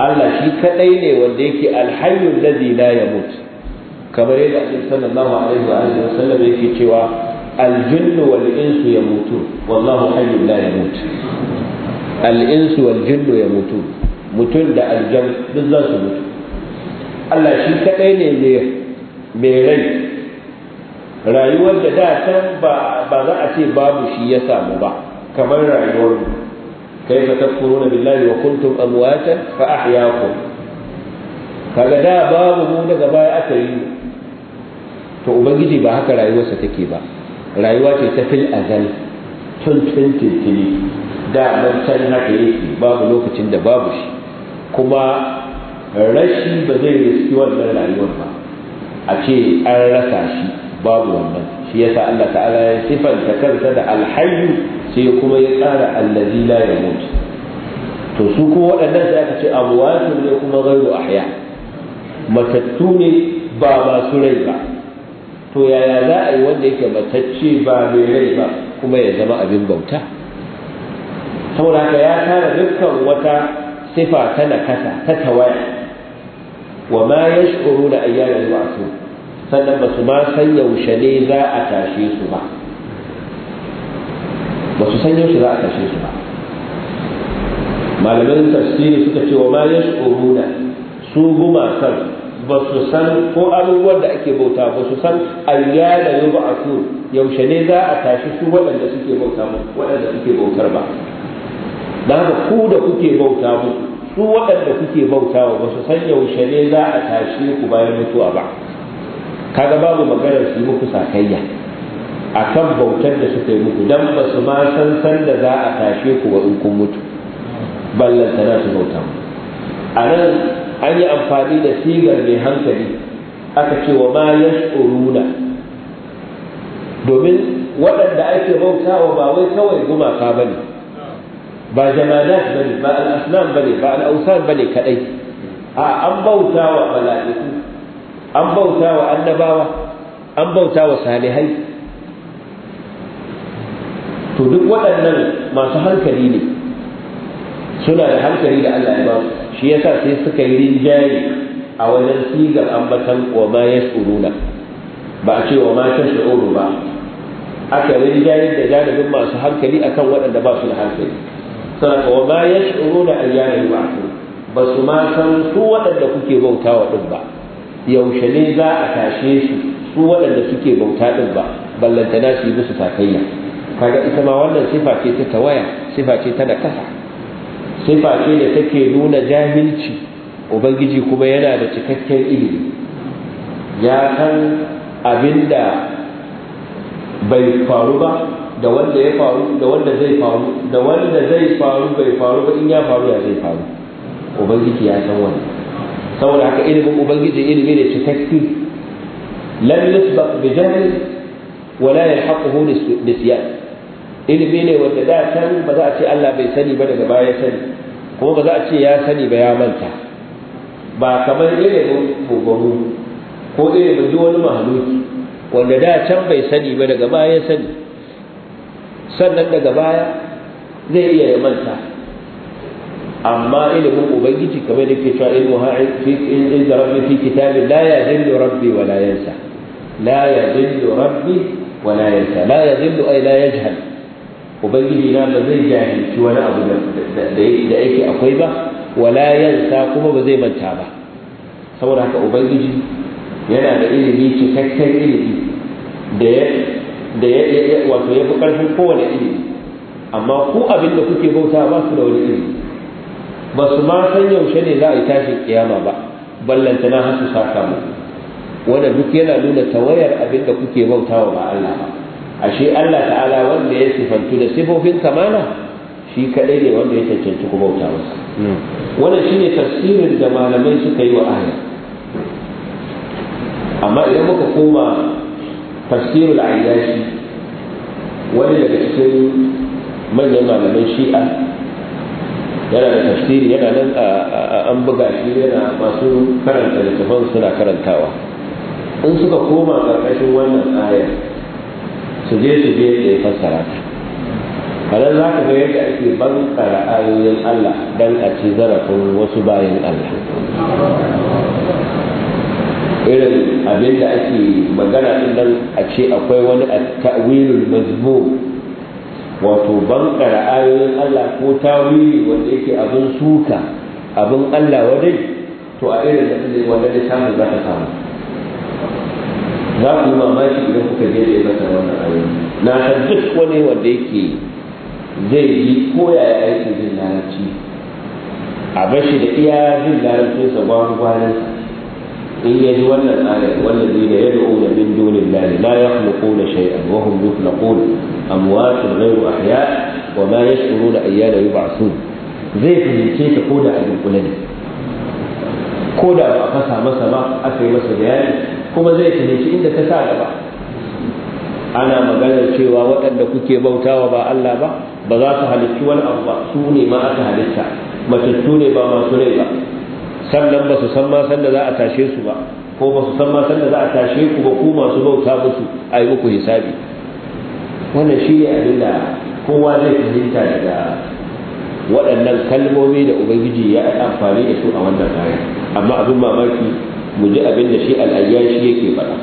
Allah shi kadai ne wanda yake alhayyul ladhi la yamut kamar yadda Annabi sallallahu alaihi wa alihi wasallam yake cewa aljinnu wal insu yamutun wallahu hayyul la yamut al insu wal jinnu yamutun mutum da aljan duk za su mutu Allah shi kadai ne mai rai rayuwar da da can ba za a ce babu shi ya samu ba kamar rayuwar mu kaifa takfuruna billahi wa kuntum amwatan kaga da babu mu daga baya aka yi to ubangiji ba haka rayuwarsa take ba rayuwa ce ta fil azal tun tun da nan haka yake babu lokacin da babu shi kuma rashi ba zai riski wannan rayuwar ba a ce an rasa shi babu wannan shi yasa Allah ta'ala ya sifanta kansa da alhayu. sai kuma ya tsara allazi la ya mutu to su kuma waɗannan sai aka ce amwatun ne kuma gairu ahya matattu ne ba masu rai ba to yaya za a yi wanda yake matacce ba mai rai ba kuma ya zama abin bauta saboda haka ya tara dukkan wata sifa ta nakasa ta tawaya wa ma da ayyana yub'athun sannan ba su ma san yaushe ne za a tashe su ba ba su san yaushe za a tashe su ba malamin tafsiri suka ce wa ma yashkuruna su gumakan ba su san ko abubuwan da ake bauta ba su san ayyana yau ba a su yaushe ne za a tashi su waɗanda suke bauta mu waɗanda suke bautar ba da haka ku da kuke bauta mu su waɗanda kuke bauta ba su san yaushe ne za a tashi ku bayan mutuwa ba kaga babu maganar su muku sakayya akan bautar da suka yi muku don ba su ma san san da za a tashe ku ba in kun mutu ballan tana su bauta mu a nan an yi amfani da sigar mai hankali aka ce wa ma yash'uruna domin waɗanda ake bauta wa ba wai kawai gumaka ne. ba ba ne, ba al ba ne, ba al'ausan ba ne kaɗai. a an bauta wa bala'iku an bauta wa annabawa an bauta wa salihai to duk waɗannan masu hankali ne suna da hankali da Allah ya ba shi yasa sai suka yi rinjaye a wajen sigar ambatan wa ma yas'uruna ba a ce wa ma tash'uru ba aka rinjaye da janibin masu hankali akan waɗanda ba su da hankali sana wa ma yas'uruna ayyana yub'athu ba su ma san su waɗanda kuke bauta wa ɗin ba yaushe ne za a tashe su su waɗanda suke bauta ɗin ba ballantana su yi musu takayya kaga ita ma wannan sifa ce ta tawaya sifa ce ta nakasa sifa ce da take nuna jahilci ubangiji kuma yana da cikakken ilimi ya san abinda bai faru ba da wanda ya faru da wanda zai faru da wanda zai faru bai faru ba in ya faru ya zai faru ubangiji ya san wannan saboda haka ilimin ubangiji ilimi ne cikakke lan yusbaq bi jahl ولا bi نسيان ilimi ne wanda da can ba za a ce Allah bai sani ba daga baya sani kuma ba za a ce ya sani ba ya manta ba kamar ilimin kogoru ko ilimin duk wani mahaluki wanda da can bai sani ba daga baya sani sannan daga baya zai iya ya manta amma ilimin ubangiji kamar da ke cewa ilmu inda rabbi fi kitabin la ya zillu rabbi wa la yansa la ya zillu rabbi wa la yansa la ya zillu ay la yajhal ubangiji na ba zai jahilci wani abu da yake akwai ba wala yansa kuma ba zai manta ba saboda haka ubangiji yana da ilimi cikakken ilimi da ya wato ya fi karfin kowane ilimi amma ku abin da kuke bauta ba su da wani ilimi ba su ma san yaushe ne za a yi tashin kiyama ba ballantana har su saka mu wanda duk yana nuna tawayar abin da kuke bautawa ba Allah ba ashe Allah ta'ala wanda ya sifantu da sifofin kamala shi kadai ne wanda ya cancanci kuma wuta masa hmm. wannan shine tafsirin da malamai suka yi wa aya amma idan muka koma tafsirul ayyashi wani daga cikin manyan malaman shi'a yana da tafsiri yana nan an buga shi yana masu karanta littafan suna karantawa in suka koma ƙarƙashin wannan ayar su je su je da ya fassara ta halar za ka ga yadda ake bankara ayoyin Allah dan a ci zarafin wasu bayan Allah irin abin da ake magana din nan a ce akwai wani a ta'wilul mazmum wato bankara ayoyin Allah ko tawili wanda yake abin suka abin Allah wadai to a irin da wanda ya samu za ka samu za ku yi mamaki idan kuka je da masa wannan ayoyi na san duk wani wanda yake zai yi ko ya yi aikin jin larabci a bashi da iya jin gwanin gwangwaninsa in ya ji wannan ayar wannan zai da yadda da min dunin lahi la ya khluquna shay'an wa hum yukhlaqun amwatun ghayru ahya wa ma yash'uruna ayyana yub'athun zai fahimce ta ko da a dunkule ne ko da ba a fasa masa ba aka yi masa bayani kuma zai tanaci inda ta sa gaba ana maganar cewa waɗanda kuke bautawa ba Allah ba ba za su halittu wani abu ba su ne ma aka halitta matattu ne ba masu rai ba sannan ba su san ma sanda za a tashe su ba ko ba su san ma sanda za a tashe ku ba ku masu bauta musu a yi muku hisabi wannan shi ne abin da kowa zai fahimta daga waɗannan kalmomi da ubangiji ya amfani da su a wannan aya amma abin mamaki mu ji abin da shi al'ayyashi yake faɗa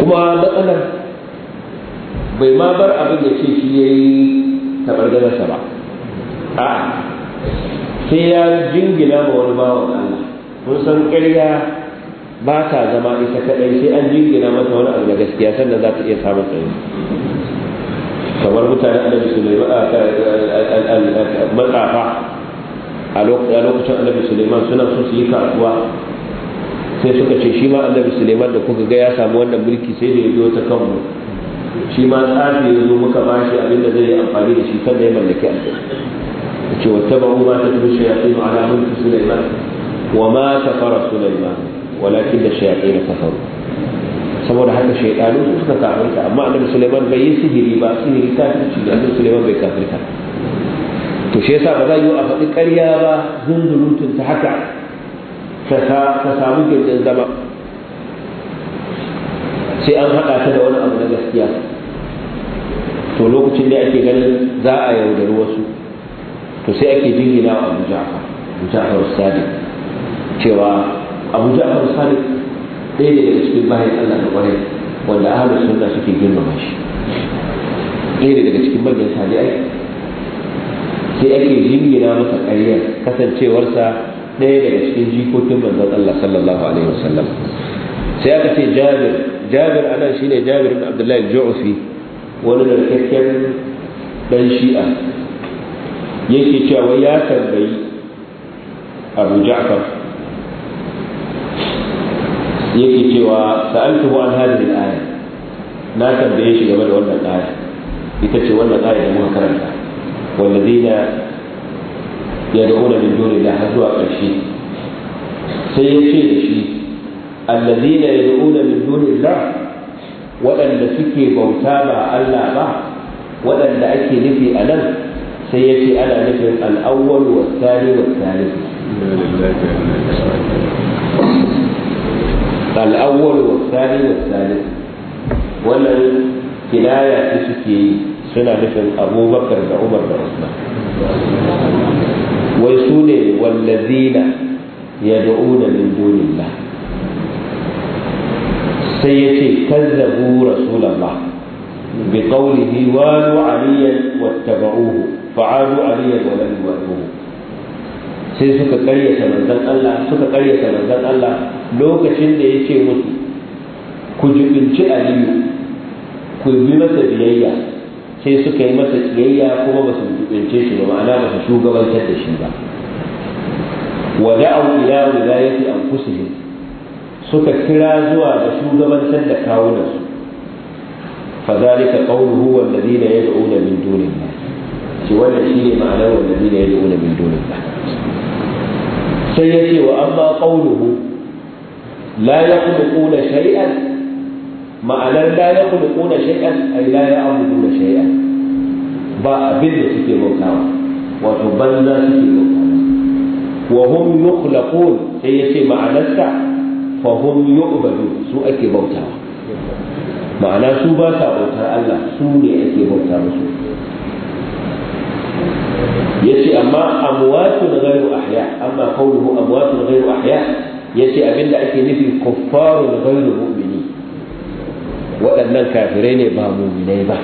kuma matsalar bai ma bar abin da ce shi ya yi tabarganarsa ba a sai ya jingina ma wani bawan Allah kun san ƙarya ba ta zama isa kaɗai sai an jingina mata wani abu da gaskiya sannan za ta iya samun tsaye kamar mutane annabi sulaiman matsafa a lokacin annabi suleiman suna so su yi kasuwa sai suka ce shi ma annabi suleiman da kuka ga ya samu wannan mulki sai da ya biyo ta kanmu shi ma tsafi ya zo muka ba shi abin da zai yi amfani da shi sannan ya mallaki aljanna ce wata ba ma ta tafi shayatin ala mulki suleiman wa ma kafara suleiman walakin da shayatin kafaru saboda haka shaidanu suka kafirta amma annabi suleiman bai yi sihiri ba sihiri kafirci da annabi suleiman bai kafirta to shi yasa ba za yi a faɗi ƙarya ba zunzurutun ta haka ta samu gindin zama sai an haɗa ta da wani abu na gaskiya to lokacin da ake ganin za a yaudari wasu to sai ake jingina wa abu jafa abu ja'far sadiq cewa abu ja'far sadiq ɗaya ne daga cikin bayan allah da ƙwarai wanda ahalus sunna suke girmama shi ɗaya ne daga cikin manyan sadiqai sai ake jingina masa ƙaryar kasancewarsa ɗaya daga cikin jikokin manzon Allah sallallahu alaihi wasallam sai aka ce Jabir Jabir anan shine Jabir ibn Abdullahi al-Ju'fi wani narkakken dan Shi'a yake cewa wai ya tambayi Abu Ja'far yake cewa sa'altuhu an hadhihi al-aya na tambaye shi game da wannan aya ita ce wannan aya da muka karanta والذين يدعون من دون الله هزوا قرشي سيشي شيء الذين يدعون من دون الله وأن سكي بوتابا ألا ما وأن أكي نفي ألم سيشي أنا نفي الأول والثاني والثالث الأول والثاني والثالث ولا كناية سكي suna nufin abubakar da umar da usman wai su ne wallazina dau min dunillah sai yace kazzabu rasulallah bi qawlihi walu aliyan wattaba'uhu fa'adu aliyan wa lam yu'minu sai suka karyata manzon Allah suka karyata manzon Allah lokacin da yake musu ku jibinci aliyu ku bi masa biyayya sai suka yi masa tsiyayya kuma ba su tsince shi ba ma'ana ba su shugabantar da shi ba wa da'u ila wilayati anfusihim suka kira zuwa da shugabantar da su. kawunansu fadhalika qawluhu wal ladina yad'una min dunillah shi wannan shine ma'anar wal ladina yad'una min dunillah sai yace wa amma qawluhu la yaqulu shay'an ma'anar la ya kulkuna shay'an ay la ya abuduna shay'an ba abin da suke bautawa wato banza suke bautawa wa hum yukhlaqun sai yace ma'anarsa fa hum yu'badu su ake bautawa ma'ana su ba sa bautar Allah su ne ake bauta musu yace amma amwatun ghairu ahya amma qawluhu amwatun ghairu ahya yace abinda ake nufi kuffarun ghairu mu'min waɗannan kafirai ne ba muminai ba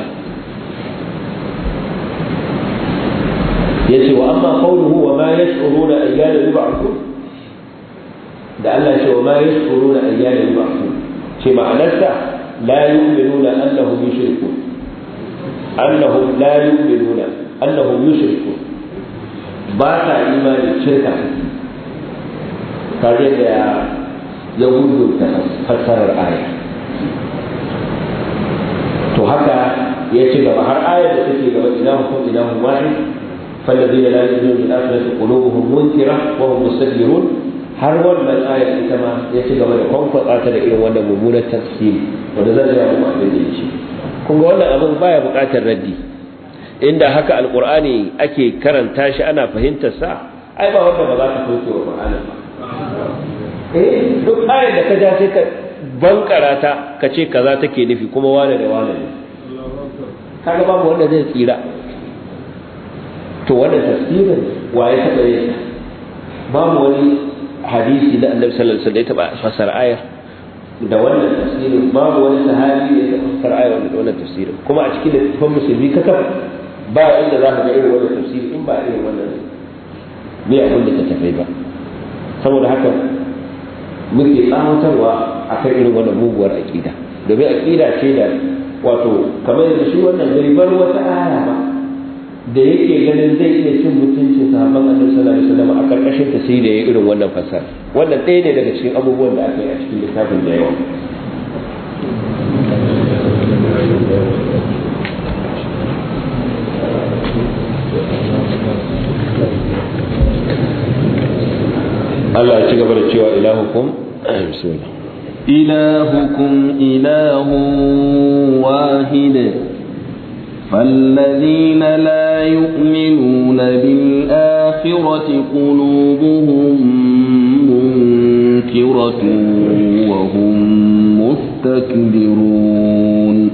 Ya ce wa amma qawluhu wa ma yash'uruna ayyana yub'athun da Allah ce wa ma yash'uruna ayyana yub'athun ce ma'anarsa la yu'minuna annahum yushrikun annahum la yu'minuna annahum yushrikun ba ta imani shirka tare da ya gudu gudunta fassarar aya haka ya ci gaba har ayar da take gaba ilahukum ilahun wahid فالذين لا يؤمنون بالآخرة قلوبهم منكرة وهم مستكبرون har wannan ayar ita ma ya ci gaba da kwamfata ta da irin wannan mummunar tafsiri wanda zan zama muku abin da ya ce kun ga wannan abin baya buƙatar raddi inda haka alqur'ani ake karanta shi ana fahimtar sa ai ba wanda ba za ka kauce wa qur'anin ba eh duk ayar da ka ja sai ka bankara ta ka ce kaza take nufi kuma wane da wane ne kaga babu wanda zai tsira to wannan tafsirin ya taɓa yi babu wani hadisi da Allah sallallahu alaihi wasallam ya taɓa fasar ayar da wannan tafsirin babu wani sahabi da ya fasar ayar da wannan tafsirin kuma a cikin littafin musulmi kaka ba inda za ka ga irin wannan tafsiri in ba irin wannan bai abin da ta tafai ba saboda haka muke tsawatarwa akan irin wannan muguwar aƙida domin aƙida ce da wato kamar yanzu shi wannan bai bar wata aya ba da yake ganin zai iya cin mutuncin sahabban annabi sallallahu alaihi wasallam a karkashin ta sai da yayi irin wannan fasara wannan ɗaya ne daga cikin abubuwan da aka yi a cikin littafin da yawa Allah ya ci gaba da cewa ilahukum bismillah إلهكم إله واحد فالذين لا يؤمنون بالآخرة قلوبهم منكرة وهم مستكبرون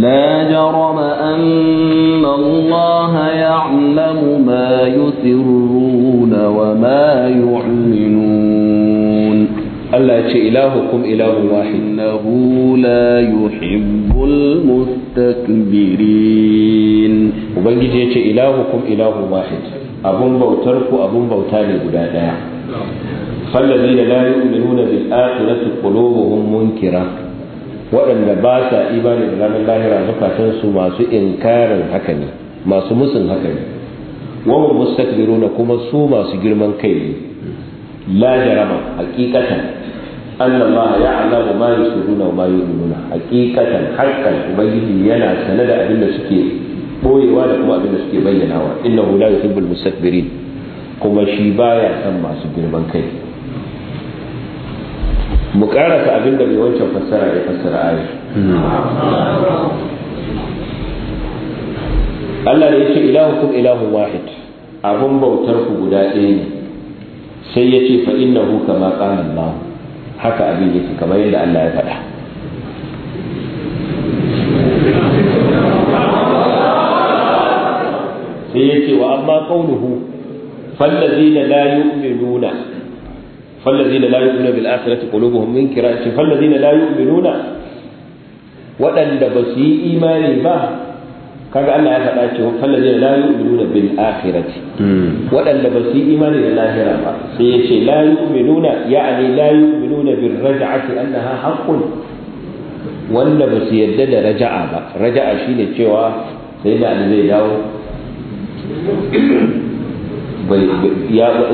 لا جرم أن الله يعلم ما يسرون وما يعلنون Allah ya ce ilahukum ilahun wahid innahu la yuhibbul mustakbirin ubangiji ya ce ilahukum ilahun wahid abun bautar ku abun bauta ne guda daya fallazina la yu'minuna bil akhirati qulubuhum munkira waɗanda ba sa imani da ranar lahira zukatan su masu inkarin haka ne masu musun haka ne wa mustakbiruna kuma su masu girman kai ne la jarama haqiqatan anna Allah ya'lamu ma yusirruna wa ma yu'linuna haqiqatan haqqan ubangiji yana sane da abin da suke boyewa da kuma abin da suke bayyanawa innahu la yuhibbul mustakbirin kuma shi baya san masu girman kai mu karasa abin da mai wancan fassara ya fassara ayat Allah da yake ilahukum ilahun wahid abun bautar ku guda ɗaya ne sai ya ce fa innahu kama qala na haka abin yake kamar yadda Allah ya faɗa sai ya ce wa amma ƙaunuhu fallazina la yu'minuna fallazina la yu'minuna bil akhirati qulubuhum min qira'ati fallazina la yu'minuna waɗanda ba su yi imani ba kaga Allah ya faɗa cewa fallaje la yu'minuna bil akhirati hmm. waɗanda ba su imani da lahira ba sai ya ce la yu'minuna ya'ni la yu'minuna bir raj'ati annaha haqqun wanda ba su yarda da raja'a ba raja'a shine cewa sai da zai dawo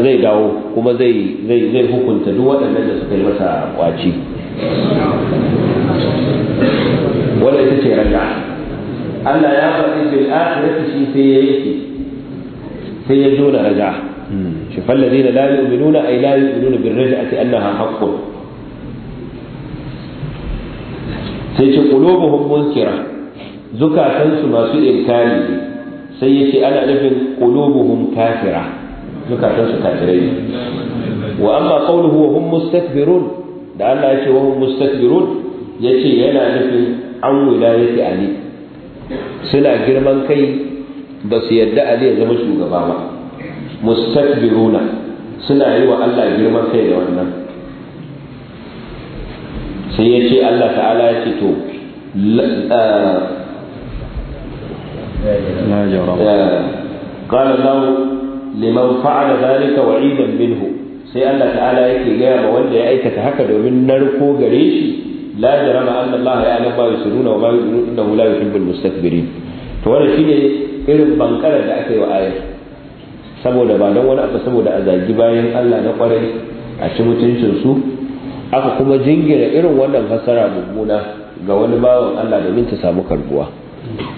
zai dawo kuma zai hukunta duk waɗanda da suka yi masa kwaci wanda ita ce raja'a Allah ya faɗi fil akhirati shi sai ya yake sai ya jona raja hmm. shi falladina la yu'minuna ay la yu'minuna bir raj'ati annaha haqqun sai ce qulubuhum munkira zukatansu masu inkari sai yace ana nufin qulubuhum kafira zukatansu kafirai wa amma qawluhu wa hum mustakbirun da Allah ya ce wa hum mustakbirun yace yana nufin an wilayati ali suna girman kai ba su yadda ali ya zama shugaba ba mustakbiruna suna yi wa Allah girman kai da wannan sai ya ce Allah ta'ala ya ce to قال الله لمن فعل ذلك وعيدا منه sai Allah ta'ala yake gaya ma wanda ya aikata haka domin narko gare shi la jarama anna Allah ya la ba yusiruna wa ma yuzinu innahu la yuhibbul mustakbirin to wannan shine irin bankarar da aka yi wa ayar saboda ba don wani abu saboda a zagi bayan Allah na kwarai a ci mutuncin su aka kuma jingina irin wannan fassara mummuna ga wani bawan Allah da ta samu karbuwa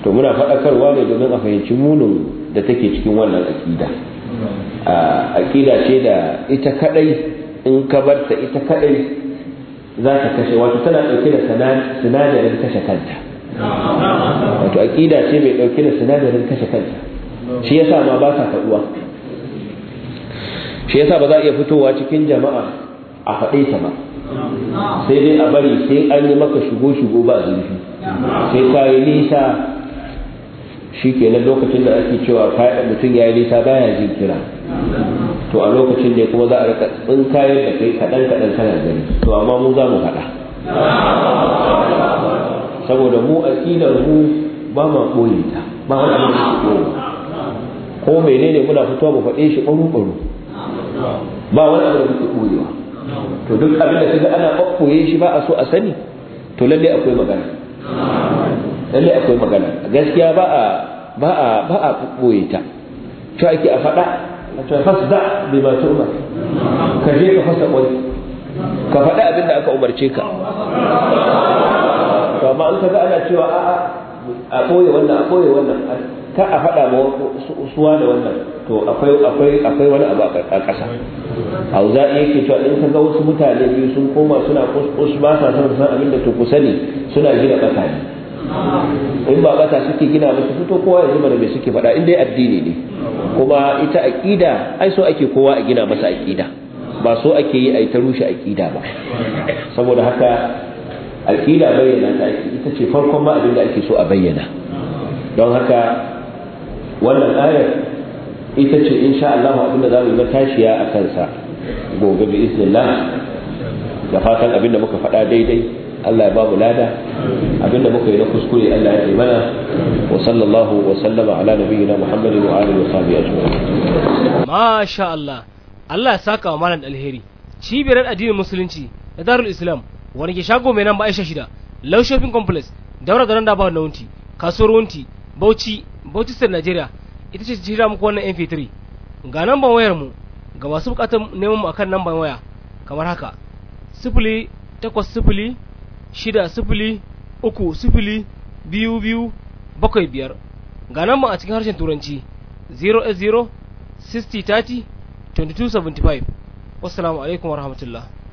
to muna faɗakarwa ne domin a fahimci munin da take cikin wannan aƙida aƙida ce da ita kaɗai in ka barta ita kaɗai. za ta kashe wato tana ɗauke da sinadarin kashe kanta wato aƙida ce mai ɗauke da sinadarin kashe kanta shi yasa ma ba sa faɗuwa shi yasa ba za a iya fitowa cikin jama'a a faɗe ta ba sai dai a bari sai an yi maka shigo shigo ba zurfi sai ka yi nisa shi kenan lokacin da ake cewa mutum ya yi nisa baya jin kira to a lokacin da kuma za a rika kayan da kai kaɗan kaɗan kana gani to amma mun za mu faɗa saboda mu aƙidar mu ba ma koyi ta ba wani abin da ke ko menene muna fitowa mu faɗe shi ɓaru ɓaru ba wani abin da muke koyewa to duk abin da kaga ana koye shi ba a so a sani to lalle akwai magana lalle akwai magana gaskiya ba a ba a ba a koye ta to ake a faɗa ta fasda bai ba su umar ka je ka fasa kwari ka faɗi abin da aka umarce ka to amma an kaga ana cewa a'a a ɓoye wannan a ɓoye wannan ka a faɗa ma suwa da wannan to akwai akwai akwai wani abu a ƙasa A hauza yake cewa in ka ga wasu mutane biyu sun koma suna kusa ba sa son san abin da to ku sani suna gina ƙasa ne in ba ƙasa suke gina ba fito kowa yanzu mana mai suke faɗa in dai addini ne kuma ita aƙida ai so ake kowa a gina masa aƙida ba so ake yi a ita rushe aƙida ba saboda haka aƙida bayyana ta ita ce farkon ma abin da ake so a bayyana don haka wannan ayar ita ce insha Allah abin da za mu yi matashiya a kansa gobe bi iznillah da fatan abin da muka faɗa daidai Allah ya ba mu lada abinda muka yi na kuskure Allah ya mana wa sallallahu wa sallama ala nabiyyina Muhammadin wa alihi wa sahbihi ajma'in sha Allah Allah ya saka wa malam alheri cibiyar addinin musulunci da darul islam wani ke shago mai nan ba aisha shida law shopping complex daura garin da ba na wunti kasuwar wunti bauchi bauchi sir nigeria ita ce jira muku wannan mp3 ga namban wayar mu ga masu bukatar neman mu akan namban waya kamar haka sifili takwas sifili shida sifili uku sifili biyu biyu bakwai biyar ga nan mu a cikin harshen turanci 0 60 30 2275 wassalamu alaikum rahmatullah